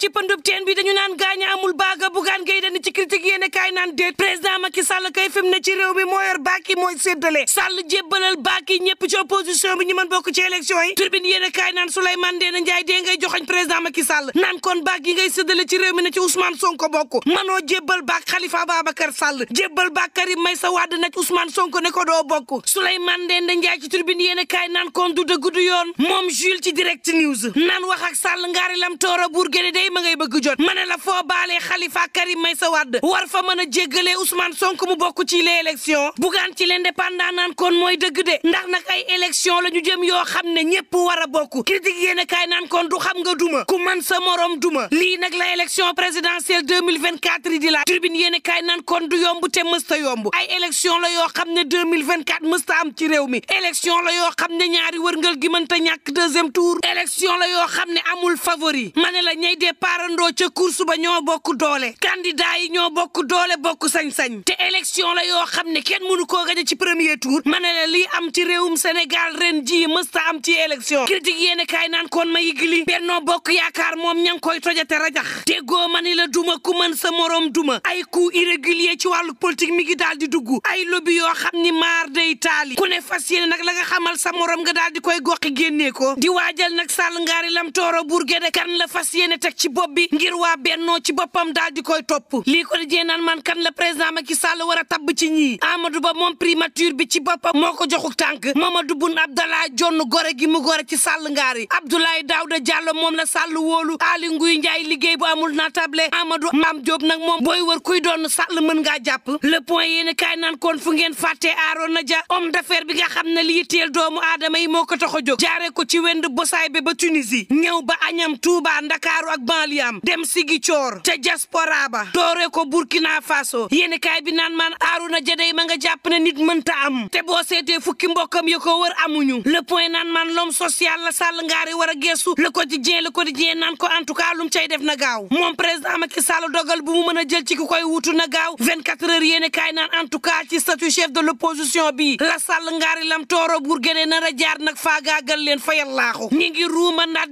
ci pëndub teen bi dañu naan gaañ amul baaga bugaan ngay dani ci critique yéen kaay naan déet président Macky Sall kay fi mu ne ci réew mi moo yor baak yi mooy séddale Sall jébbalal baak yi ci opposition bi ñu mën bokk ci élection yi turbine yéen a kaay naan Souleymane Ndéné Ndiaye dee ngay joxoñ président Macky Sall naan kon baak yi ngay séddale ci réew mi na ci Ousmane Sonko bokk manoo jébbal baak Khalifa Babacar Sall jébbal baak Karim Meïssa Wade na ci Ousmane Sonko ne ko doo bokk Souleymane Ndéné Ndiaye ci turbine yéen a kaay naan kon du dëgg du yoon moom Jules ci direct news naan wax ak day ma ngay bëgg jot ma ne la foo baalee Khalifa Karim sa Wade war fa mën a jéggalee Ousmane Sonko mu bokk ci les élections bugaan ci l'indépendant naan kon mooy dëgg de ndax nag ay élection la ñu jëm yoo xam ne ñépp war a bokk critique yéen a kaay kon du xam nga duma ku man sa morom duma lii nag la élection présidentielle 2024 di la tribune yéen a kaay naan kon du yomb te mësta yomb ay élection la yoo xam ne 2024 mësta am ci réew mi élection la yoo xam ne ñaari wërngal gi mënta ñàkk deuxième tour élection la yoo xam ne amul favori ma ne la ñay départandoo ca course ba ñoo bokk doole candidat yi ñoo bokk doole bokk sañ-sañ te élection la yoo xam ne kenn mënu koo gañe ci premier tour ma ne la lii am ci réewum Sénégal ren jii mësta am ci élection critique yéen kaay naan kon ma yigli Benno Bokk Yaakaar moom ña ngi koy tojate rajax déggoo ma ni la duma ku mën sa morom duma ay coup irrégulier ci wàllu politique mi ngi daal di dugg ay lobby yoo xam ni maar day taali ku ne fas yéene nag la nga xamal sa morom nga daal di koy goxi génnee ko di waajal nag sàll ngaari lam tooro burgé de kan fas yéene teg ci bopp bi ngir waa bennoo ci boppam daal di koy topp lii ko jee nan man kan la président Macky Sall war a tabb ci ñii Amadou Ba moom primature bi ci boppam moo ko joxuk tànk Mamadou Boun Abdallah jonn gore gi mu gore ci Sall ngaari Abdoulaye Daouda Diallo moom la Sall wóolu Aly Ngouille Ndiaye liggéey bu amul table amadu Mame Diop nag moom booy war kuy doon Sall mën ngaa jàpp le point yéen kaay naan kon fu ngeen fàttee na Dia homme d'affaires bi nga xam ne lii teel doomu aadama yi moo ko tax a jóg jaaree ko ci wend bosaay ba ba Tunisie ñëw ba añam Touba Ndakaaru ak banliam dem Ziguinchor ca diaspora ba doore ko Burkina Faso yéen kaay bi naan maan Arouna Jaday ma nga jàpp ne nit mënta am te boo seetee fukki mbokkam ya ko wër amuñu le point naan maan l'homme social la Sall ngaari war a geesu le quotidien le quotidien naan ko en tout cas lum cay def na gaaw moom président Macky Sall dogal bu mu mën a jël ci koy wutu na gaaw 24 heures yéen kaay naan en tout cas ci statut chef de l'opposition bi la Sall ngaari lam tooro bur gënee a jaar nag faagaagal leen fayal laaxu ñi ngi ruuma naat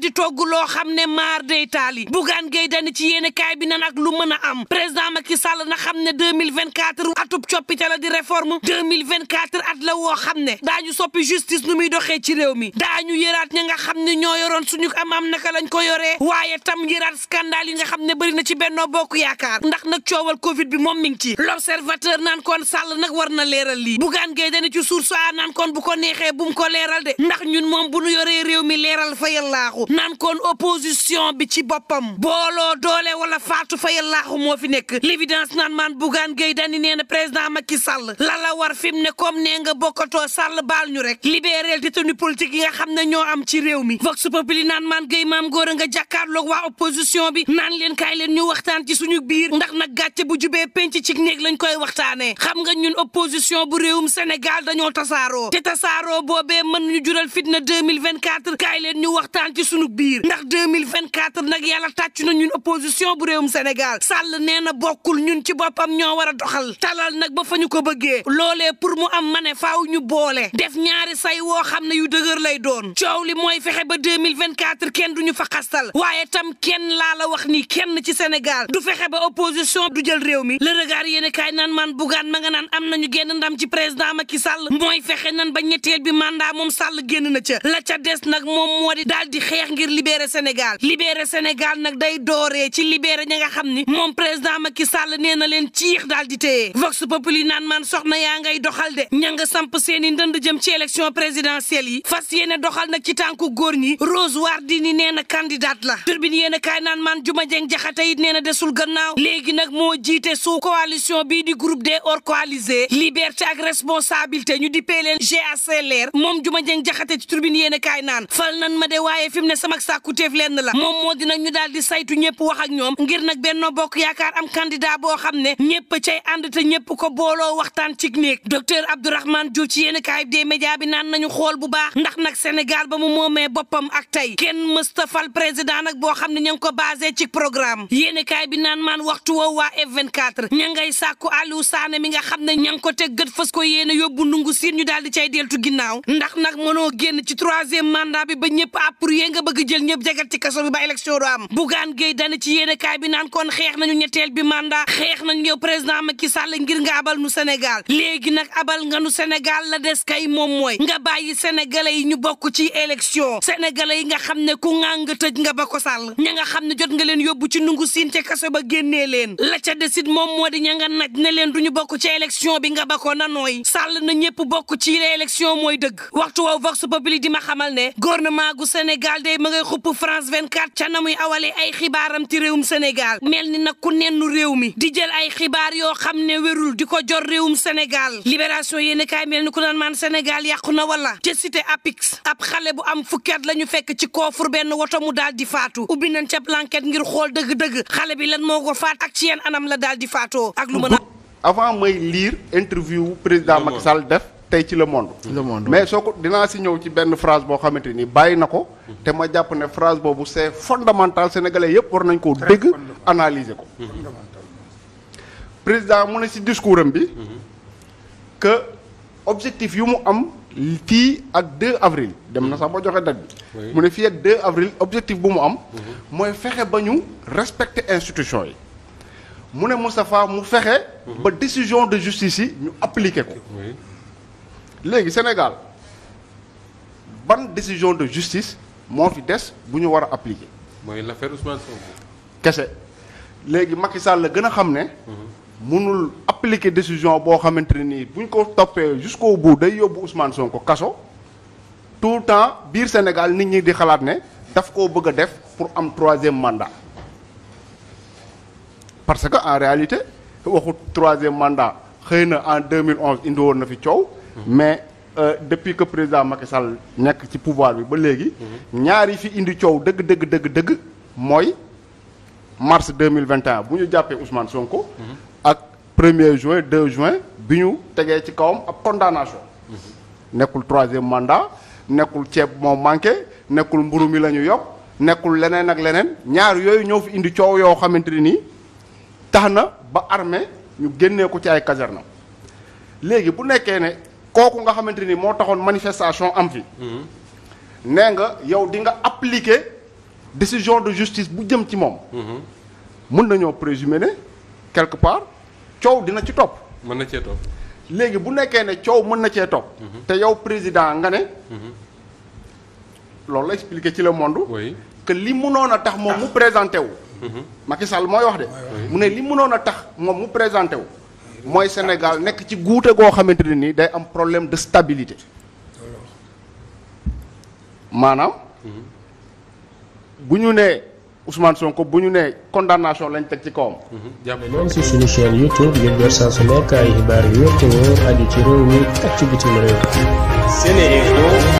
Bougane Gueye Dany ci yéene kaay bi nan ak lu mën a am président Macky sal na xam ne 2024 atub coppite la di réforme 2024 at la woo xam ne daañu soppi justice nu muy doxee ci réew mi daañu yëraat ña nga xam ne ñoo yoroon suñu am am naka lañ ko yoree waaye tam yëraat scandale yi nga xam ne bëri na ci Benno Bokk Yaakaar ndax nag coowal Covid bi moom mi ngi ci l'observateur naan kon Sall nag war na leeral lii Bougane Gueye Dany ci source a naan kon bu ko neexee bu mu ko leeral ndax ñun moom bu ñu yoree réew mi leeral fa yallaaxu naan kon opposition bi ci boppam boppam booloo doole wala faatu fayal laaxu moo fi nekk l'évidence naan maan Bougane Gueye Dany nee na président Macky Sall la la war fi mu ne comme nee nga bokkatoo Sall baal ñu rek libéral détenu politique yi nga xam ne ñoo am ci réew mi vox populi naan maan Gueye maam góor a nga jàkkaarloog waa opposition bi naan leen kaay leen ñu waxtaan ci suñu biir ndax nag gàcce bu jubee penc ci néeg lañ koy waxtaanee xam nga ñun opposition bu réewum Sénégal dañoo tasaaroo te tasaaroo boobee mën ñu jural fitna 2024 kaay leen ñu waxtaan ci suñu biir ndax 2024 nag yàlla a tàcc na ñun opposition bu réewum Sénégal Sall nee na bokkul ñun ci boppam ñoo war a doxal talal nag ba fa ñu ko bëggee loole pour mu am ma ne faaw ñu boole def ñaari say woo xam ne yu dëgër lay doon coow li mooy fexe ba 2024 kenn du ñu fa xastal waaye tam kenn laa la wax ni kenn ci Sénégal du fexe ba opposition du jël réew mi le regard yéen kaay naan man bugaan ma nga naan am nañu génn ndam ci président ki Sall mooy fexe nan ba ñetteel bi mandat moom Sall génn na ca la ca des nag moom moo di daal di xeex ngir libérer Sénégal libérer Sénégal waxtaan nag day dooree ci libéré ña nga xam ni moom président Macky sal nee na leen ciix daal di téye vox populi naan man soxna yaa ngay doxal de ña nga samp seen i ndënd jëm ci élection présidentielle yi fas yéene doxal nag ci tànku góor ñi Rose Wardini nee na candidate la turbine yéen a naan man Juma Jeng Jaxate it nee na desul gannaaw léegi nag moo jiite sous coalition bii di groupe des hors coalisés liberté ak responsabilité ñu di pee leen GACLR moom Juma Jeng Jaxate ci turbine yéen a kaay naan fal nan ma de waaye fi mu la moom moo daal di saytu ñëpp wax ak ñoom ngir nag Benno Bokk Yaakaar am candidat boo xam ne ñëpp cay ànd te ñëpp ko booloo waxtaan ci néeg docteur Abdourahmane Diouf ci yéen kaay des bi naan nañu xool bu baax ndax nag Sénégal ba mu moomee boppam ak tey kenn mëstafal président nag boo xam ne ña ngi ko basé ci programme yéen kaay bi naan maan waxtu woo waa F24 ña ngay sàkku Aliou Sané mi nga xam ne ña ngi ko teg gët fas ko yéene yóbbu ndungu siin ñu daal di cay deltu ginnaaw ndax nag mënoo génn ci troisième mandat bi ba ñëpp approuvé nga bëgg jël ñëpp jagat ci kaso bi ba élection Bougane Gueye dana ci yéenekaay bi naan kon xeex nañu ñetteel bi mandat xeex nañu yow président Macky Sall ngir nga abal nu Sénégal léegi nag abal nga nu Sénégal la des kay moom mooy nga bàyyi sénégalais yi ñu bokk ci élection sénégalais yi nga xam ne ku ŋàng tëj nga ba ko sàll ña nga xam ne jot nga leen yóbbu ci nungu siin ca kaso ba génnee leen la ca desit moom moo di ña nga naj ne leen duñu bokk ci élection bi nga ba ko na nooy sàll na ñëpp bokk ci élection mooy dëgg waxtu woow vox populi di ma xamal ne gouvernement gu Sénégal day ma ngay xupp France 24 ca na muy awa taxawale ay xibaaram ci réewum Sénégal mel ni nag ku nennu réew mi di jël ay xibaar yoo xam ne wérul di ko jor réewum Sénégal libération yéen kaay mel ni ku naan maan Sénégal yàqu na wala ca cité Apix ab xale bu am fukki at la ñu fekk ci koofur benn woto mu daal di faatu ubbi nañ ca enquête ngir xool dëgg-dëgg xale bi lan moo ko faat ak ci yenn anam la daal di faatoo ak lu mën a avant may lire interview président Macky Sall def tey ci le monde. le monde mais soo ko dinaa si ñëw ci benn phrase boo xamante ni bàyyi na ko. te ma jàpp ne phrase boobu c'est fondamental sénégalais yëpp war nañ koo dégg analyser ko. président mu ne si discours am bi. que objectif yu mu am. fii ak 2 avril dem na sax ba joxe date bi. mu ne fii ak 2 avril objectif bu mu am. mooy fexe ba ñu respecter institution yi. mu ne Moustapha mu fexe. ba décision de justice yi ñu appliquer ko. léegi Sénégal ban décision de justice moo fi des bu ñu war a appliquer. mooy l'affaire Ousmane Sonko. kese léegi Macky Sall la gën a xam ne. mënul appliquer décision boo xamante ne nii buñ ko toppee jusqu'au bout day yóbbu son ko kaso tout le temps biir Sénégal nit ñi di xalaat ne daf koo bëgg a def pour am troisième mandat parce que en réalité waxu troisième mandat xëy na en 2011 indi woon na fi coow. mais euh, depuis que président Macky nekk ci pouvoir bi ba léegi. ñaar yi fi indi coow dëgg dëgg dëgg dëgg mooy mars deux mille vingt et bu ñu jàppee Ousmane Sonko. ak premier juin deux juin bi ñu tegee ci kawam ab condamnation. nekkul troisième mandat nekkul ceeb moo manqué nekkul mburu mi la ñu yokk nekkul leneen ak leneen ñaar yooyu ñoo fi indi coow yoo xamante ne nii tax na ba armée ñu génnee ko ci ay caserne léegi bu nekkee ne kooku nga xamante ni moo taxoon manifestation am fi hmm. nee nga yow di nga appliquer décision de justice bu jëm ci moom hmm. mën nañoo présumer ne quelque part coow dina ci topp mën na cee topp léegi bu nekkee ne coow mën na cee topp hmm. te yow président nga ne loolu la expliqué ci le monde oui. que li mënoon a tax moom mu présenté wu Macky Sall mooy wax de mu ne li mënoon a tax moom mu présenté wu mooy Sénégal nekk ci guute goo xamante ne nii day am problème de stabilité maanaam bu ñu nee Ousmane Sonko bu ñu nee condamnation lañ teg ci kawam. jàppale si suñu chaîne YouTube ngir jot saa xibaar yu ci réew mi ak ci bitim réew.